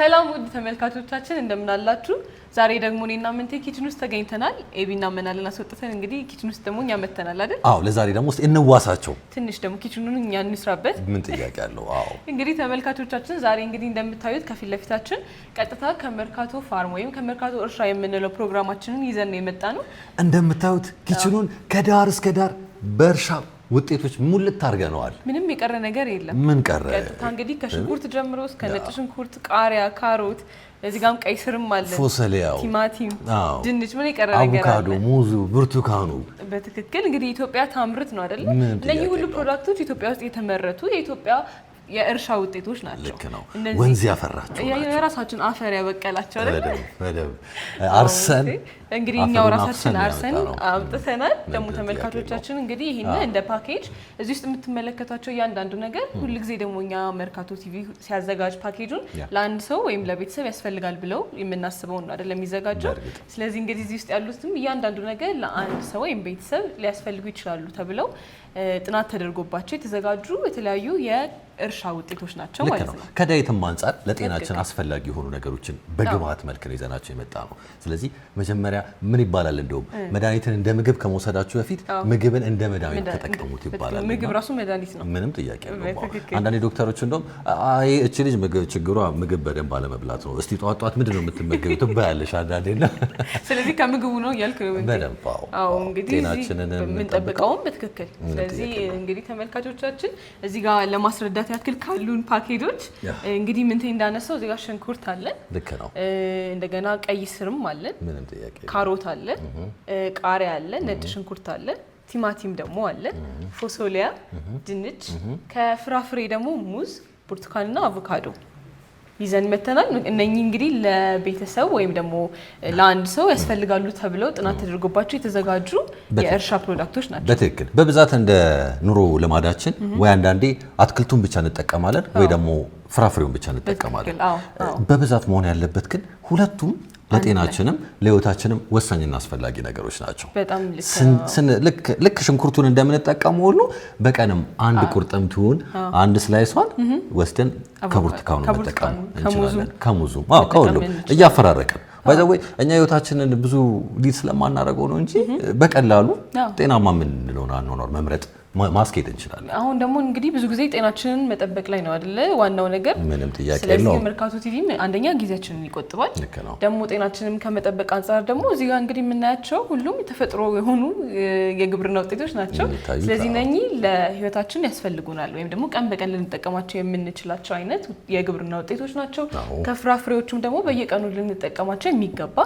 ሰላም ውድ ተመልካቾቻችን እንደምናላችሁ። ዛሬ ደግሞ እኔና ምንቴ ኪችን ውስጥ ተገኝተናል። ኤቢና መናልን አስወጥተን እንግዲህ ኪችን ውስጥ ደግሞ እኛ መተናል አይደል? አዎ። ለዛሬ ደግሞ ውስጥ እንዋሳቸው ትንሽ ደግሞ ኪችኑን እኛ እንስራበት። ምን ጥያቄ አለው? አዎ። እንግዲህ ተመልካቾቻችን ዛሬ እንግዲህ እንደምታዩት ከፊት ለፊታችን ቀጥታ ከመርካቶ ፋርም ወይም ከመርካቶ እርሻ የምንለው ፕሮግራማችንን ይዘን ነው የመጣ ነው። እንደምታዩት ኪችኑን ከዳር እስከ ዳር በእርሻ ውጤቶች ሙልት አድርገነዋል። ምንም የቀረ ነገር የለም። ምን ቀረ? ቀጥታ እንግዲህ ከሽንኩርት ጀምሮ እስከ ነጭ ሽንኩርት፣ ቃሪያ፣ ካሮት እዚህ ጋም ቀይ ስርም አለ፣ ፎሰሊያው፣ ቲማቲም፣ ድንች፣ ምን የቀረ ነገር አለ? አቮካዶ፣ ሙዙ፣ ብርቱካኑ። በትክክል እንግዲህ ኢትዮጵያ ታምርት ነው አይደል? እነዚህ ሁሉ ፕሮዳክቶች ኢትዮጵያ ውስጥ የተመረቱ የኢትዮጵያ የእርሻ ውጤቶች ናቸው። ልክ ነው። ወንዝ ያፈራቸው የራሳችን አፈር ያበቀላቸው አርሰን እንግዲህ እኛው ራሳችን አርሰን አምጥተናል። ደግሞ ተመልካቾቻችን እንግዲህ ይህን እንደ ፓኬጅ እዚህ ውስጥ የምትመለከቷቸው እያንዳንዱ ነገር ሁልጊዜ ደግሞ እኛ መርካቶ ቲቪ ሲያዘጋጅ ፓኬጁን ለአንድ ሰው ወይም ለቤተሰብ ያስፈልጋል ብለው የምናስበው ነው አይደለም የሚዘጋጀው። ስለዚህ እንግዲህ እዚህ ውስጥ ያሉትም እያንዳንዱ ነገር ለአንድ ሰው ወይም ቤተሰብ ሊያስፈልጉ ይችላሉ ተብለው ጥናት ተደርጎባቸው የተዘጋጁ የተለያዩ የእርሻ ውጤቶች ናቸው ማለት ነው። ከዳይትም አንጻር ለጤናችን አስፈላጊ የሆኑ ነገሮችን በግብአት መልክ ነው ይዘናቸው የመጣ ነው። ስለዚህ መጀመሪያ መጀመሪያ ምን ይባላል እንደውም መድኃኒትን እንደ ምግብ ከመውሰዳችሁ በፊት ምግብን እንደ መድኃኒት ተጠቀሙት ይባላል። ምግብ ራሱ መድኃኒት ነው፣ ምንም ጥያቄ ነው። አንዳንድ ዶክተሮች እንደውም አይ እቺ ልጅ ችግሯ ምግብ በደንብ አለመብላት ነው፣ እስቲ ጧት ጧት ምንድን ነው የምትመገቢው ትባያለሽ አንዳንዴ ነው። ስለዚህ ከምግቡ ነው እያልክ በደንብ ጤናችንን የምንጠብቀውም በትክክል። ስለዚህ እንግዲህ ተመልካቾቻችን እዚህ ጋር ለማስረዳት ያክል ካሉን ፓኬጆች እንግዲህ ምንቴ እንዳነሳው እዚህ ጋር ሽንኩርት አለን፣ ልክ ነው። እንደገና ቀይ ስርም አለን፣ ምንም ጥያቄ ካሮት አለ፣ ቃሪያ አለ፣ ነጭ ሽንኩርት አለ፣ ቲማቲም ደግሞ አለ፣ ፎሶሊያ፣ ድንች። ከፍራፍሬ ደግሞ ሙዝ፣ ብርቱካንና አቮካዶ ይዘን መተናል። እነኚህ እንግዲህ ለቤተሰብ ወይም ደግሞ ለአንድ ሰው ያስፈልጋሉ ተብለው ጥናት ተደርጎባቸው የተዘጋጁ የእርሻ ፕሮዳክቶች ናቸው። በትክክል በብዛት እንደ ኑሮ ልማዳችን ወይ አንዳንዴ አትክልቱን ብቻ እንጠቀማለን ወይ ደግሞ ፍራፍሬውን ብቻ እንጠቀማለን። በብዛት መሆን ያለበት ግን ሁለቱም ለጤናችንም ለህይወታችንም ወሳኝና አስፈላጊ ነገሮች ናቸው። ልክ ሽንኩርቱን እንደምንጠቀሙ ሁሉ በቀንም አንድ ቁርጥምቱን አንድ ስላይሷን ወስደን ከብርቱካኑ መጠቀም እንችላለን። ከሙዙም ከሁሉም እያፈራረቅን ባይዘወይ እኛ ህይወታችንን ብዙ ሊድ ስለማናደርገው ነው እንጂ በቀላሉ ጤናማ የምንለውን አኗኗር መምረጥ ማስኬድ እንችላለን። አሁን ደግሞ እንግዲህ ብዙ ጊዜ ጤናችንን መጠበቅ ላይ ነው አይደለ? ዋናው ነገር ምንም ጥያቄ ነው። መርካቶ ቲቪም አንደኛ ጊዜያችንን ይቆጥባል፣ ደግሞ ጤናችንም ከመጠበቅ አንጻር ደግሞ እዚህ ጋር እንግዲህ የምናያቸው ሁሉም የተፈጥሮ የሆኑ የግብርና ውጤቶች ናቸው። ስለዚህ እነኚህ ለህይወታችን ያስፈልጉናል ወይም ደግሞ ቀን በቀን ልንጠቀማቸው የምንችላቸው አይነት የግብርና ውጤቶች ናቸው። ከፍራፍሬዎቹም ደግሞ በየቀኑ ልንጠቀማቸው የሚገባ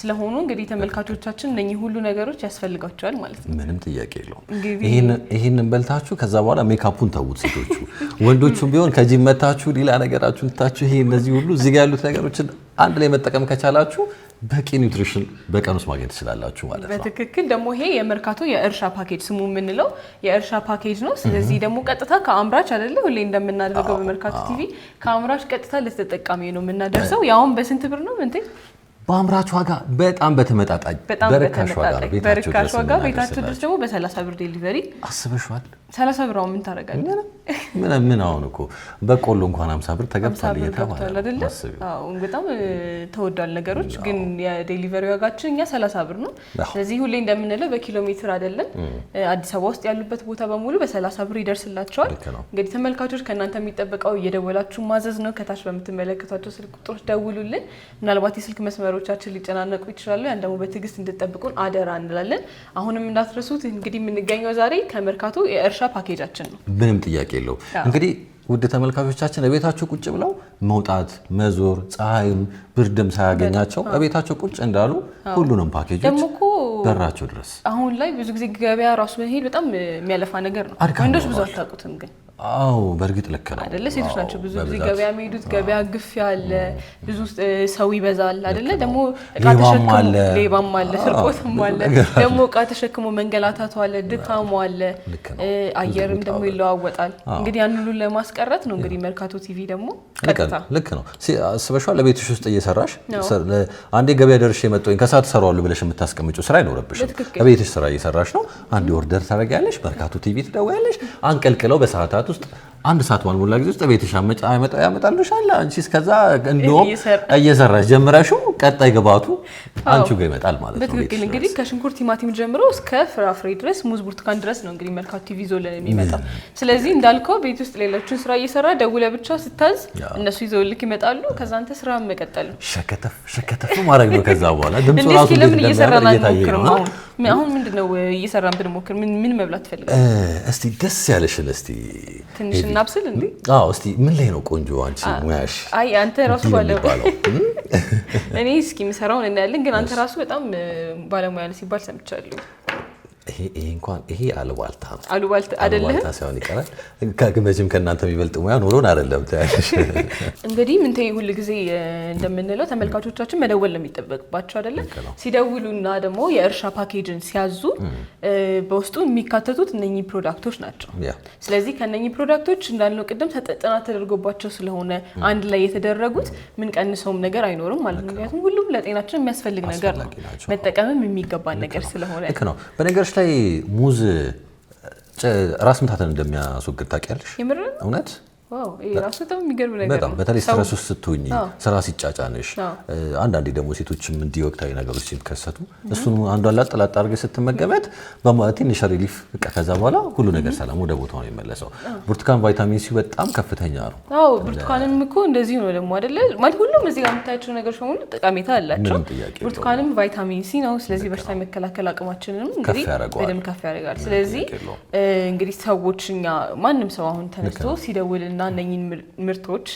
ስለሆኑ እንግዲህ ተመልካቾቻችን እነኚህ ሁሉ ነገሮች ያስፈልጋቸዋል ማለት ነው። ምንም ጥያቄ የለውም። ይህንን በልታችሁ ከዛ በኋላ ሜካፑን ተዉት ሴቶቹ። ወንዶቹም ቢሆን ከጂም መታችሁ ሌላ ነገራችሁን ትታችሁ ይሄ እነዚህ ሁሉ እዚህ ጋር ያሉት ነገሮችን አንድ ላይ መጠቀም ከቻላችሁ በቂ ኒውትሪሽን በቀን ውስጥ ማግኘት ትችላላችሁ ማለት ነው። በትክክል ደግሞ ይሄ የመርካቶ የእርሻ ፓኬጅ ስሙ የምንለው የእርሻ ፓኬጅ ነው። ስለዚህ ደግሞ ቀጥታ ከአምራች አይደለ ሁሌ እንደምናደርገው በመርካቶ ቲቪ ከአምራች ቀጥታ ለተጠቃሚ ነው የምናደርሰው። ያውም በስንት ብር ነው ምንት በአምራች ዋጋ በጣም በተመጣጣኝ በርካሽ ዋጋ በርካሽ ዋጋ ቤታቸው ድረስ ደግሞ በሰላሳ ብር ዴሊቨሪ አስበሽዋል። ሰላሳ ብር አሁን ምን ታደርጋለህ? ምን አሁን እኮ በቆሎ እንኳን ሀምሳ ብር ተገብቷል እየተባለ በጣም ተወዷል። ነገሮች ግን የዴሊቨሪ ዋጋችን እኛ ሰላሳ ብር ነው። ስለዚህ ሁሌ እንደምንለው በኪሎ ሜትር አይደለም። አዲስ አበባ ውስጥ ያሉበት ቦታ በሙሉ በሰላሳ ብር ይደርስላቸዋል። እንግዲህ ተመልካቾች ከእናንተ የሚጠበቀው እየደወላችሁ ማዘዝ ነው። ከታች በምትመለከቷቸው ስልክ ቁጥሮች ደውሉልን። ምናልባት የስልክ መስመሮ ነገሮቻችን ሊጨናነቁ ይችላሉ። ያን ደግሞ በትዕግስት እንድጠብቁን አደራ እንላለን። አሁንም እንዳትረሱት እንግዲህ የምንገኘው ዛሬ ከመርካቶ የእርሻ ፓኬጃችን ነው። ምንም ጥያቄ የለው እንግዲህ ውድ ተመልካቾቻችን እቤታቸው ቁጭ ብለው መውጣት፣ መዞር፣ ፀሐይም ብርድም ሳያገኛቸው እቤታቸው ቁጭ እንዳሉ ሁሉንም ፓኬጆች በራቸው ድረስ አሁን ላይ ብዙ ጊዜ ገበያ ራሱ መሄድ በጣም የሚያለፋ ነገር ነው። ወንዶች ብዙ አታውቁትም ግን አዎ በእርግጥ ልክ ነው አይደለ? ሴቶች ናቸው ብዙ ጊዜ ገበያ የሚሄዱት። ገበያ ግፍ ያለ ብዙ ሰው ይበዛል አይደለ? ደግሞ እቃ ሌባም አለ፣ ስርቆትም አለ። ደግሞ እቃ ተሸክሞ መንገላታቱ አለ፣ ድካሙ አለ፣ አየርም ደግሞ ይለዋወጣል። እንግዲህ ያንን ሁሉ ለማስቀረት ነው እንግዲህ መርካቶ ቲቪ ደግሞ ቀጥታ ልክ ነው ስበሻ ለቤትሽ ውስጥ እየሰራሽ አንዴ ገበያ ደርሼ መጣሁኝ ከሰዓት እሰራዋለሁ ብለሽ የምታስቀምጪው ስራ አይኖረብሽም። ለቤትሽ ስራ እየሰራሽ ነው። አንድ ኦርደር ታደርጊያለሽ፣ መርካቶ ቲቪ ትደውያለሽ፣ አንቀልቅለው በሰዓታት ሰዓት ውስጥ አንድ ሰዓት ባልሞላ ጊዜ ውስጥ ቤትሽ ያመጣልሻል። አንቺ እስከዛ እንደውም እየሰራሽ ጀምረሽው ቀጣይ ግባቱ አንቺ ጋር ይመጣል ማለት ነው። በትክክል እንግዲህ ከሽንኩርት ቲማቲም ጀምሮ እስከ ፍራፍሬ ድረስ ሙዝ፣ ብርቱካን ድረስ ነው እንግዲህ መርካቶ ቲቪ ይዞልን የሚመጣው። ስለዚህ እንዳልከው ቤት ውስጥ ሌሎችን ስራ እየሰራ ደውለ ብቻ ስታዝ እነሱ ይዘውልክ ይመጣሉ። ከዛ አንተ ስራ መቀጠል ነው። ሸከተፍ ሸከተፍ ማድረግ ነው። ከዛ በኋላ ድምፁ ራሱ ለምን እየሰራ ነው አሁን ምንድን ነው እየሰራን ብንሞክር ምን መብላት ትፈልጋለህ? እስቲ ደስ ያለሽን እስቲ ትንሽ እናብስል። እንዴ እስቲ ምን ላይ ነው ቆንጆ አንቺ ሙያሽ? አይ አንተ ራሱ እኔ እስኪ የምሰራውን እናያለን፣ ግን አንተ ራሱ በጣም ባለሙያ ሲባል ሰምቻለሁ። ይሄ እንኳን ይሄ አሉባልታ አሉባልታ አይደለም ሳይሆን ይቀራል። ከግመጅም ከእናንተ የሚበልጥ ሙያ ኖሮን አይደለም። እንግዲህ ምን ተይ፣ ሁል ጊዜ እንደምንለው ተመልካቾቻችን መደወል ነው የሚጠበቅባቸው አይደለም። ሲደውሉና ደግሞ የእርሻ ፓኬጅን ሲያዙ በውስጡ የሚካተቱት እነኚህ ፕሮዳክቶች ናቸው። ስለዚህ ከእነኚህ ፕሮዳክቶች እንዳልነው ቅድም ጥናት ተደርጎባቸው ስለሆነ አንድ ላይ የተደረጉት ምን ቀንሰውም ነገር አይኖርም ማለት ነው። ምክንያቱም ሁሉም ለጤናችን የሚያስፈልግ ነገር ነው፣ መጠቀምም የሚገባን ነገር ስለሆነ ላይ ሙዝ ራስ ምታትን እንደሚያስወግድ ታውቂያለሽ? እውነት በጣም በተለይ ስትረስ ውስጥ ስትሆኝ ስራ ሲጫጫንሽ፣ አንዳንዴ ደግሞ ሴቶችም እንዲህ ወቅታዊ ነገሮች ሲከሰቱ እሱን አንዷን ላጥ ላጥ አድርገሽ ስትመገበት ትንሽ ሪሊፍ በቃ ከዛ በኋላ ሁሉ ነገር ሰላም ወደ ቦታው ነው የመለሰው። ብርቱካን ቫይታሚን ሲ በጣም ከፍተኛ ነው። አዎ ብርቱካንም እኮ እንደዚሁ ነው ደግሞ አይደለ ማለት ሁሉም እዚህ ጋር የምታያቸው ነገሮች በሙሉ ጠቀሜታ አላቸው። ብርቱካንም ቫይታሚን ሲ ነው። ስለዚህ በሽታ የመከላከል አቅማችንንም እንግዲህ በደንብ ከፍ ያደርጋል። ስለዚህ እንግዲህ ሰዎች እኛ ማንም ሰው አሁን ተነስቶ ሲደውልን እና እነኝን ምርቶች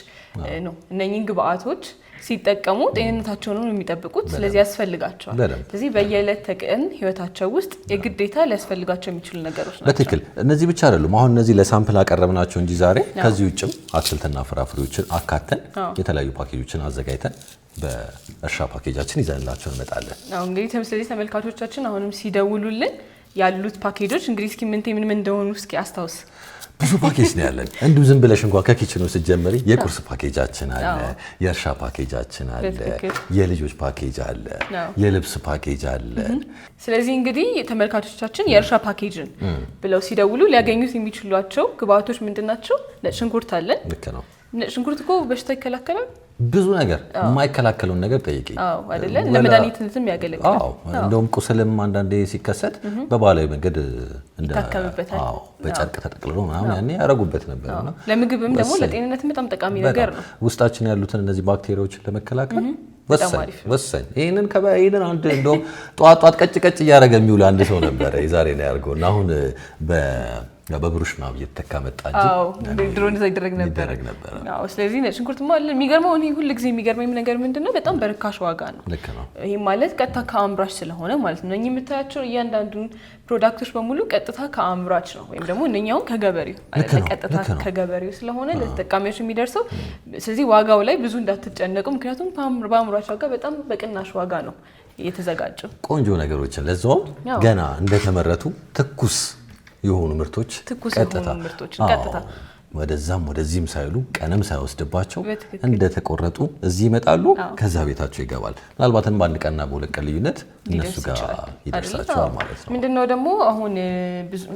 ነው እነኝን ግብአቶች ሲጠቀሙ ጤንነታቸውን ነው የሚጠብቁት። ስለዚህ ያስፈልጋቸዋል። ስለዚህ በየዕለት ተቀን ህይወታቸው ውስጥ የግዴታ ሊያስፈልጋቸው የሚችሉ ነገሮች ናቸው። በትክክል እነዚህ ብቻ አይደሉም። አሁን እነዚህ ለሳምፕል አቀረብናቸው እንጂ ዛሬ ከዚህ ውጭም አትክልትና ፍራፍሬዎችን አካተን የተለያዩ ፓኬጆችን አዘጋጅተን በእርሻ ፓኬጃችን ይዘንላቸው እንመጣለን። እንግዲህ ስለዚህ ተመልካቾቻችን አሁንም ሲደውሉልን ያሉት ፓኬጆች እንግዲህ እስኪ ምንቴ ምንም እንደሆኑ እስኪ አስታውስ ብዙ ፓኬጅ ነው ያለን። እንዲሁ ዝም ብለሽ እንኳን ከኪችኑ ስትጀምሪ የቁርስ ፓኬጃችን አለ፣ የእርሻ ፓኬጃችን አለ፣ የልጆች ፓኬጅ አለ፣ የልብስ ፓኬጅ አለ። ስለዚህ እንግዲህ ተመልካቾቻችን የእርሻ ፓኬጅን ብለው ሲደውሉ ሊያገኙት የሚችሏቸው ግብአቶች ምንድን ናቸው? ነጭ ሽንኩርት አለን። ልክ ነው። ነጭ ሽንኩርት እኮ በሽታ ይከላከላል። ብዙ ነገር የማይከላከለውን ነገር ጠይቂ አይደለ? ለመድኃኒትነትም ያገለግላል። እንደውም ቁስልም አንዳንዴ ሲከሰት በባህላዊ መንገድ በጨርቅ ተጠቅልሎ ምናምን ያኔ ያረጉበት ነበር። ለምግብም ደግሞ ለጤንነት በጣም ጠቃሚ ነገር ነው። ውስጣችን ያሉትን እነዚህ ባክቴሪያዎችን ለመከላከል ወሳኝ። ይህንን ይህንን አንድ እንደውም ጠዋት ጠዋት ቀጭ ቀጭ እያደረገ የሚውል አንድ ሰው ነበረ የዛሬ ነው ያደርገው እና አሁን በብሩሽ ነው እየተካ መጣ እንጂ ድሮ እንደዛ ይደረግ ነበረ። ስለዚህ ነጭ ሽንኩርት አለ። የሚገርመው እኔ ሁል ጊዜ የሚገርመኝ ነገር ምንድነው በጣም በርካሽ ዋጋ ነው። ይሄ ማለት ቀጥታ ከአምራች ስለሆነ ማለት ነው። እኚህ የምታያቸው እያንዳንዱን ፕሮዳክቶች በሙሉ ቀጥታ ከአምራች ነው ወይም ደግሞ እነኛውን ከገበሬው ቀጥታ ከገበሬው ስለሆነ ለተጠቃሚዎች የሚደርሰው ስለዚህ ዋጋው ላይ ብዙ እንዳትጨነቁ፣ ምክንያቱም በአምራች ዋጋ በጣም በቅናሽ ዋጋ ነው የተዘጋጀው። ቆንጆ ነገሮችን ለዛውም ገና እንደተመረቱ ትኩስ የሆኑ ምርቶች ትኩስ ቀጥታ ወደዛም ወደዚህም ሳይሉ ቀንም ሳይወስድባቸው እንደተቆረጡ እዚህ ይመጣሉ። ከዛ ቤታቸው ይገባል። ምናልባትም በአንድ ቀንና በሁለት ቀን ልዩነት እነሱ ጋር ይደርሳቸዋል ማለት ነው። ምንድነው ደግሞ አሁን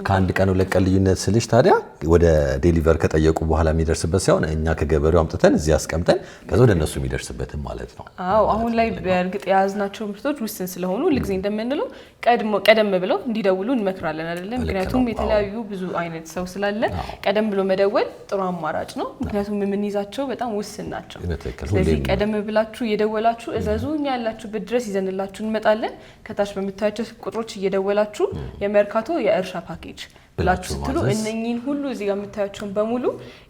ከአንድ ቀን ሁለት ቀን ልዩነት ስልሽ ታዲያ ወደ ዴሊቨር ከጠየቁ በኋላ የሚደርስበት ሳይሆን እኛ ከገበሬው አምጥተን እዚህ አስቀምጠን ከዛ ወደ እነሱ የሚደርስበትም ማለት ነው። አዎ አሁን ላይ በእርግጥ የያዝናቸው ምርቶች ውስን ስለሆኑ ልጊዜ እንደምንለው ቀደም ብለው እንዲደውሉ እንመክራለን አይደለም። ምክንያቱም የተለያዩ ብዙ አይነት ሰው ስላለ ቀደም ብሎ መደወል መደወል ጥሩ አማራጭ ነው። ምክንያቱም የምንይዛቸው በጣም ውስን ናቸው። ስለዚህ ቀደም ብላችሁ እየደወላችሁ እዘዙ፣ እኛ ያላችሁበት ድረስ ይዘንላችሁ እንመጣለን። ከታች በምታያቸው ቁጥሮች እየደወላችሁ የመርካቶ የእርሻ ፓኬጅ ብላችሁ ስትሉ እነኚህን ሁሉ እዚህ ጋር የምታያቸውን በሙሉ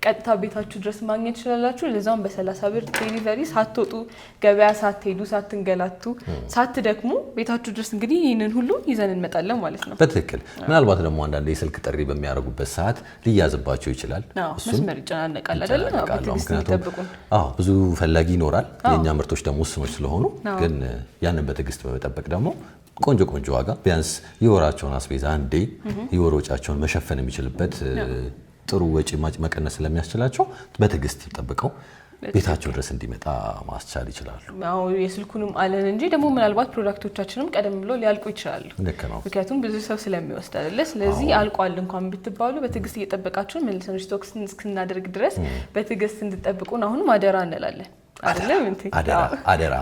ቀጥታ ቤታችሁ ድረስ ማግኘት ትችላላችሁ ለዛውም በሰላሳ ብር ዴሊቨሪ ሳትወጡ ገበያ ሳትሄዱ፣ ሳትንገላቱ፣ ሳትደክሙ ቤታችሁ ድረስ እንግዲህ ይህንን ሁሉ ይዘን እንመጣለን ማለት ነው። በትክክል ምናልባት ደግሞ አንዳንድ የስልክ ጥሪ በሚያደርጉበት ሰዓት ሊያዝባቸው ይችላል። መስመር ይጨናነቃል አይደለ? ምክንያቱም ብዙ ፈላጊ ይኖራል። የእኛ ምርቶች ደግሞ ውስኖች ስለሆኑ ግን ያንን በትዕግስት በመጠበቅ ደግሞ ቆንጆ ቆንጆ ዋጋ ቢያንስ የወራቸውን አስቤዛ አንዴ የወር ወጪያቸውን መሸፈን የሚችልበት ጥሩ ወጪ መቀነስ ስለሚያስችላቸው በትዕግስት ጠብቀው ቤታቸው ድረስ እንዲመጣ ማስቻል ይችላሉ። የስልኩንም አለን እንጂ ደግሞ ምናልባት ፕሮዳክቶቻችንም ቀደም ብሎ ሊያልቁ ይችላሉ። ልክ ነው። ምክንያቱም ብዙ ሰው ስለሚወስድ አይደለ? ስለዚህ አልቋል እንኳን ብትባሉ በትዕግስት እየጠበቃችሁን መልሰን ስቶክ እስክናደርግ ድረስ በትዕግስት እንድጠብቁን አሁንም አደራ እንላለን። አደራ አደራ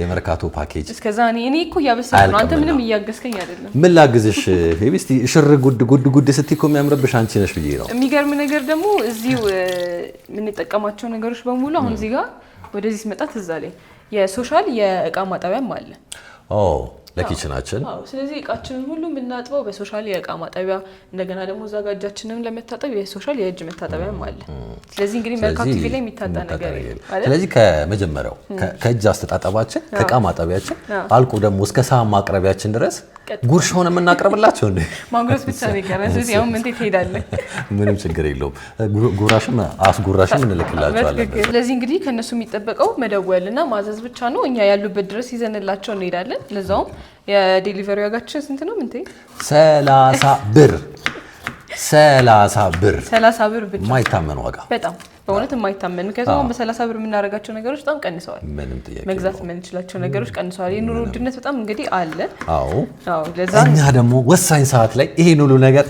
የመርካቶ ፓኬጅ እስከዛ እኔ እኮ እያበሰ ነው። አንተ ምንም እያገዝከኝ አይደለም። ምን ላግዝሽ ቤቢ? እስኪ ሽር ጉድ ጉድ ጉድ ስትይ እኮ የሚያምርብሽ አንቺ ነሽ ብዬ ነው። የሚገርም ነገር ደግሞ እዚህ የምንጠቀማቸው ነገሮች በሙሉ አሁን እዚህ ጋር ወደዚህ ስመጣ ትዝ አለኝ የሶሻል የእቃ ማጠቢያም አለ ለኪችናችን። ስለዚህ እቃችንን ሁሉ የምናጥበው በሶሻል የእቃ ማጠቢያ፣ እንደገና ደግሞ እዛ ጋ እጃችንን ለመታጠብ የሶሻል የእጅ መታጠቢያም አለ። ስለዚህ እንግዲህ መርካቶ ላይ የሚታጣ ነገር ስለዚህ ከመጀመሪያው ከእጅ አስተጣጠባችን ከእቃ ማጠቢያችን አልቆ ደግሞ እስከ ሳህን ማቅረቢያችን ድረስ ጉርሽ ሆነ የምናቀርብላቸው እንደ ማጉረስ ብቻ ነው የቀረን። ስለዚህ አሁን ምን ትሄዳለህ? ምንም ችግር የለውም። ጉራሽም አስጉራሽም እንልክላቸዋለን። ስለዚህ እንግዲህ ከእነሱ የሚጠበቀው መደወል እና ማዘዝ ብቻ ነው። እኛ ያሉበት ድረስ ይዘንላቸው እንሄዳለን። ለዛውም የዴሊቨሪ ዋጋችን ስንት ነው? ምንት ሰላሳ ብር ሰላሳ ብር ሰላሳ ብር ብቻ የማይታመን ዋጋ በጣም በእውነት የማይታመን ምክንያቱም በሰላሳ ብር የምናደርጋቸው ነገሮች በጣም ቀንሰዋል። ምንም ጥያቄ መግዛት የምንችላቸው ነገሮች ቀንሰዋል። የኑሮ ውድነት በጣም እንግዲህ አለ። አዎ እኛ ደግሞ ወሳኝ ሰዓት ላይ ይሄን ሁሉ ነገር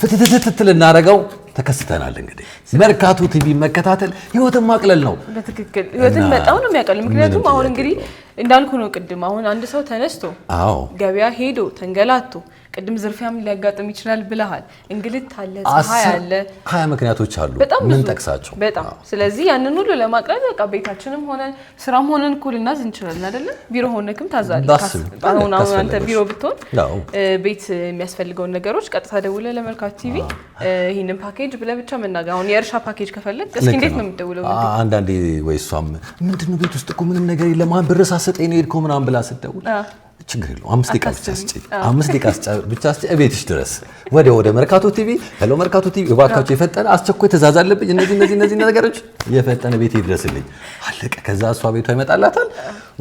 ፍትትትት ልናደርገው ተከስተናል። እንግዲህ መርካቶ ቲቪ መከታተል ህይወትን ማቅለል ነው። በትክክል ህይወትን በጣም ነው የሚያቀል። ምክንያቱም አሁን እንግዲህ እንዳልኩ ነው ቅድም። አሁን አንድ ሰው ተነስቶ ገበያ ሄዶ ተንገላቶ ቅድም ዝርፊያም ሊያጋጥም ይችላል ብለሃል። እንግልት አለ፣ ፀሐይ አለ፣ ሀያ ምክንያቶች አሉ ምን ጠቅሳቸው በጣም ስለዚህ ያንን ሁሉ ለማቅረብ በቃ ቤታችንም ሆነ ስራም ሆነን እኮ ልናዝ እንችላለን አይደለም? ቢሮ ሆነክም ታዛለህ። አሁን አንተ ቢሮ ብትሆን ቤት የሚያስፈልገውን ነገሮች ቀጥታ ደውለህ ለመልካት ቲቪ ይህንን ፓኬጅ ብለህ ብቻ መናገር። አሁን የእርሻ ፓኬጅ ከፈለግ እስኪ እንዴት ነው የምትደውለው? አንዳንዴ ወይ እሷም ምንድን ነው ቤት ውስጥ እኮ ምንም ነገር የለም ብር ሳሰጠኝ ነው የሄድከው ምናምን ብላ ስትደውል ችግር የለውም። አምስት ደቂቃ ብቻ ስጭኝ፣ አምስት ደቂቃ ብቻ ስጭኝ፣ እቤትሽ ድረስ ወደ ወደ መርካቶ ቲቪ ሄሎ መርካቶ ቲቪ እባካችሁ የፈጠነ አስቸኳይ ትእዛዝ አለብኝ፣ እነዚህ እነዚህ እነዚህ ነገሮች የፈጠነ ቤት ይድረስልኝ። አለቀ። ከዛ እሷ ቤቷ ይመጣላታል።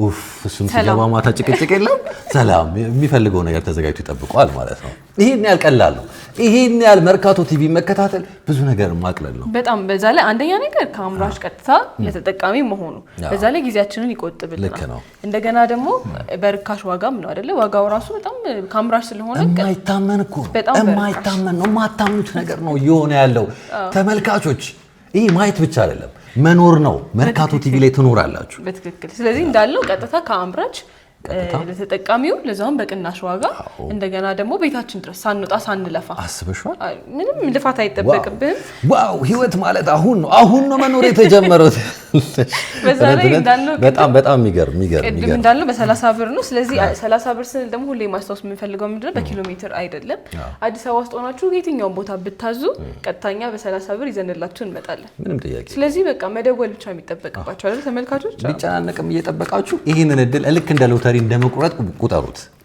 ኡፍ እሱም ሲገባ ማታ ጭቅጭቅ የለም ሰላም፣ የሚፈልገው ነገር ተዘጋጅቶ ይጠብቀዋል ማለት ነው። ይሄን ያህል ቀላል ነው። ይሄን ያህል መርካቶ ቲቪ መከታተል ብዙ ነገር ማቅለል ነው በጣም በዛ ላይ አንደኛ ነገር ከአምራች ቀጥታ ለተጠቃሚ መሆኑ በዛ ላይ ጊዜያችንን ይቆጥብልናል። እንደገና ደግሞ በርካሽ ዋጋም ነው አይደለ? ዋጋው ራሱ በጣም ከአምራች ስለሆነ የማይታመን እኮ በጣም የማይታመን ነው። የማታምኑት ነገር ነው እየሆነ ያለው ተመልካቾች። ይህ ማየት ብቻ አይደለም መኖር ነው። መርካቶ ቲቪ ላይ ትኖራላችሁ። በትክክል ስለዚህ እንዳለው ቀጥታ ከአምራች ለተጠቃሚው ለዛውም በቅናሽ ዋጋ እንደገና ደግሞ ቤታችን ድረስ ሳንወጣ ሳንለፋ አስበሽዋል። ምንም ልፋት አይጠበቅብህም። ዋው ህይወት ማለት አሁን ነው። አሁን ነው መኖር የተጀመረው። በጣም በጣም የሚገርም የሚገርም ቅድም እንዳልነው በሰላሳ ብር ነው። ስለዚህ ሰላሳ ብር ስንል ደግሞ ሁሌ ማስታወስ የምንፈልገው ምንድን ነው በኪሎ ሜትር አይደለም። አዲስ አበባ ውስጥ ሆናችሁ የትኛውን ቦታ ብታዙ ቀጥታኛ በሰላሳ ብር ይዘንላችሁ እንመጣለን። ምንም ጥያቄ። ስለዚህ በቃ መደወል ብቻ የሚጠበቅባቸው አይደል ተመልካቾች፣ ቢጨናነቅም እየጠበቃችሁ ይህንን እድል ልክ እንደ ሎተሪ እንደመቁረጥ ቁጠሩት።